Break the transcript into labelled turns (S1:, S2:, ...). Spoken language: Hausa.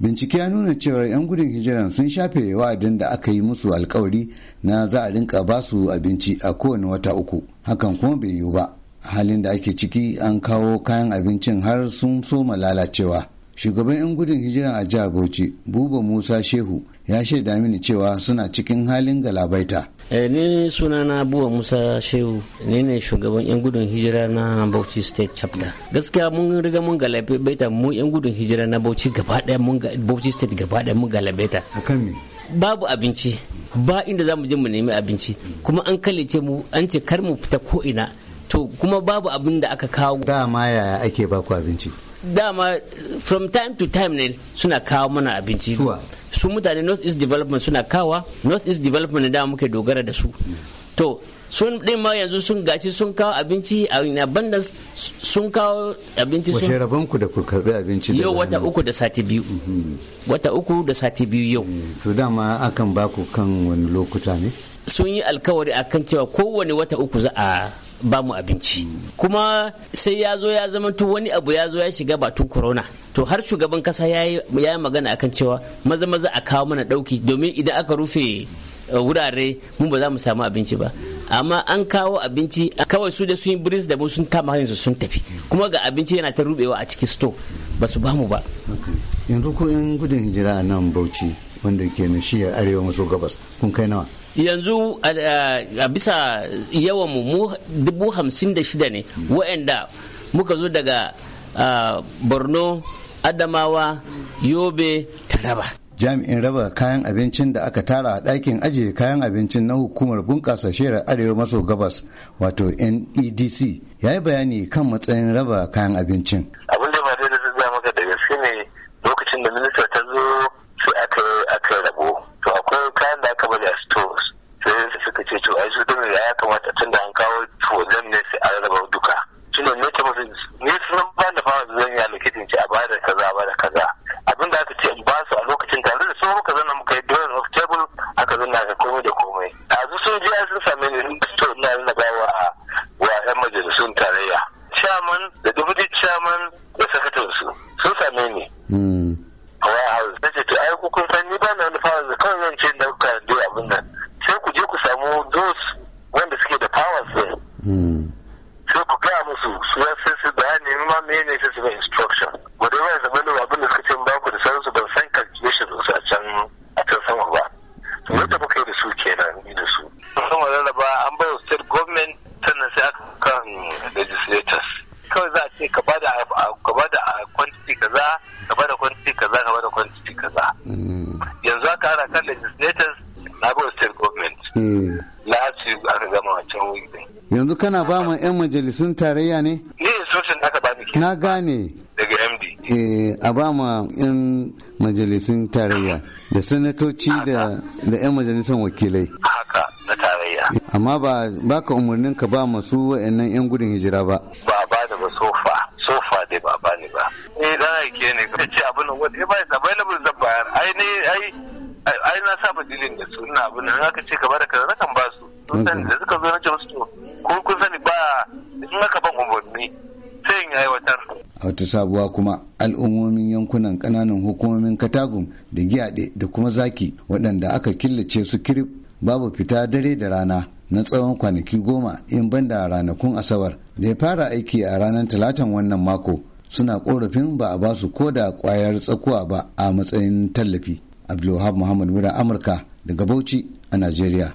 S1: Bincike ya nuna cewa 'yan gudun hijiran sun shafe wa'adin da aka yi musu alkawari na za a rinka su abinci a kowane wata uku, hakan kuma bai yiwu ba. halin da ake ciki an kawo kayan abincin har sun soma lalacewa shugaban 'yan gudun hijira a jihar bauchi buba musa shehu ya shaida mini cewa suna cikin halin galabaita
S2: eh, ni sunana buba musa shehu ni ne shugaban 'yan gudun hijira na bauchi state chapter gaskiya mun riga mun galabaita mu 'yan gudun hijira na bauchi gaba daya mun bauchi state gaba daya mun galabaita akan me babu abinci ba inda za mu je mu nemi abinci kuma an kalice mu an ce kar mu fita ko ina to kuma babu abin da aka kawo dama yaya ake baku abinci dama from time to time ne suna kawo mana abinci su mutane north east development suna kawa north east development dama muke dogara da su hmm. to sun ɗin ma yanzu sun gashi sun kawo abinci a abundance sun kawo abinci sun wace
S1: rabon ku da ku karbi abinci yau wata
S2: uku da sati biyu hmm. wata uku da sati biyu yau hmm. to dama akan baku kan wani lokuta ne sun yi alkawari akan cewa kowane wata uku za a ba mu abinci kuma sai ya zo ya zama to wani abu ya zo ya shiga batun corona to har shugaban kasa ya yi magana akan cewa maza maza a kawo mana dauki domin idan aka rufe eh, wurare mun ba za mu samu abinci ba amma an kawo abinci kawai su da su yi biris da mu sun kama hanyar sun tafi kuma ga abinci yana ta rubewa a cikin store ba su bamu ba
S1: yanzu ko in gudun hijira a nan bauchi wanda ke na shi arewa maso gabas kun kai nawa
S2: yanzu a bisa yawan mu dubu hamsin da shida ne hmm. wa'anda muka zo daga borno adamawa yobe taraba
S1: jami'in raba kayan abincin da aka tara a ɗakin ajiye kayan abincin na hukumar bunƙasa shirar arewa maso gabas wato nedc ya yi bayani kan matsayin raba kayan abincin
S3: abin da ba daidai da ga da gaske ne lokacin da minista na ga komai da komai yanzu sun je sun same ni to ina nuna ba wa wa yan majalisun tarayya chairman da deputy chairman da sakataren su sun same ni hmm. a waya house ce to ai ku kun san ba na wani fara da kawai zan ce da kuka dai abin nan sai ku je ku samu those wanda suke da powers din hmm. sai ku gaya musu su sai su bayani ma menene sai su gaba da kwantiti kaza gaba da kwantiti kaza gaba da kwantiti kaza
S1: hmm. yanzu
S3: aka ana kan legislators na go state government last hmm. week aka gama wancan week
S1: din yanzu kana ba ma yan majalisun tarayya ne ni instruction aka ba ni na gane daga md eh, a ba ma yan majalisun tarayya da sanatoci da yan majalisun wakilai haka na tarayya amma ba ka umarnin ka ba masu wa'annan yan gudun hijira ba ba
S3: if i available zan bayar ai ne ai na saba
S1: dilin da su ina abin nan aka ce ka bada kaza kan ba su sun sani da suka zo na ce musu ko
S3: kun sani ba in aka ban umarni sai in
S1: aiwatar a wata sabuwa kuma al'ummomin yankunan kananan hukumomin katagum da giyaɗe da kuma zaki waɗanda aka killace su kirif babu fita dare da rana na tsawon kwanaki goma in banda ranakun asabar da ya fara aiki a ranar talatan wannan mako suna korafin ba a basu ko da kwayar tsakuwa ba a matsayin tallafi abdulwahab muhammad wurin amurka daga bauchi a najeriya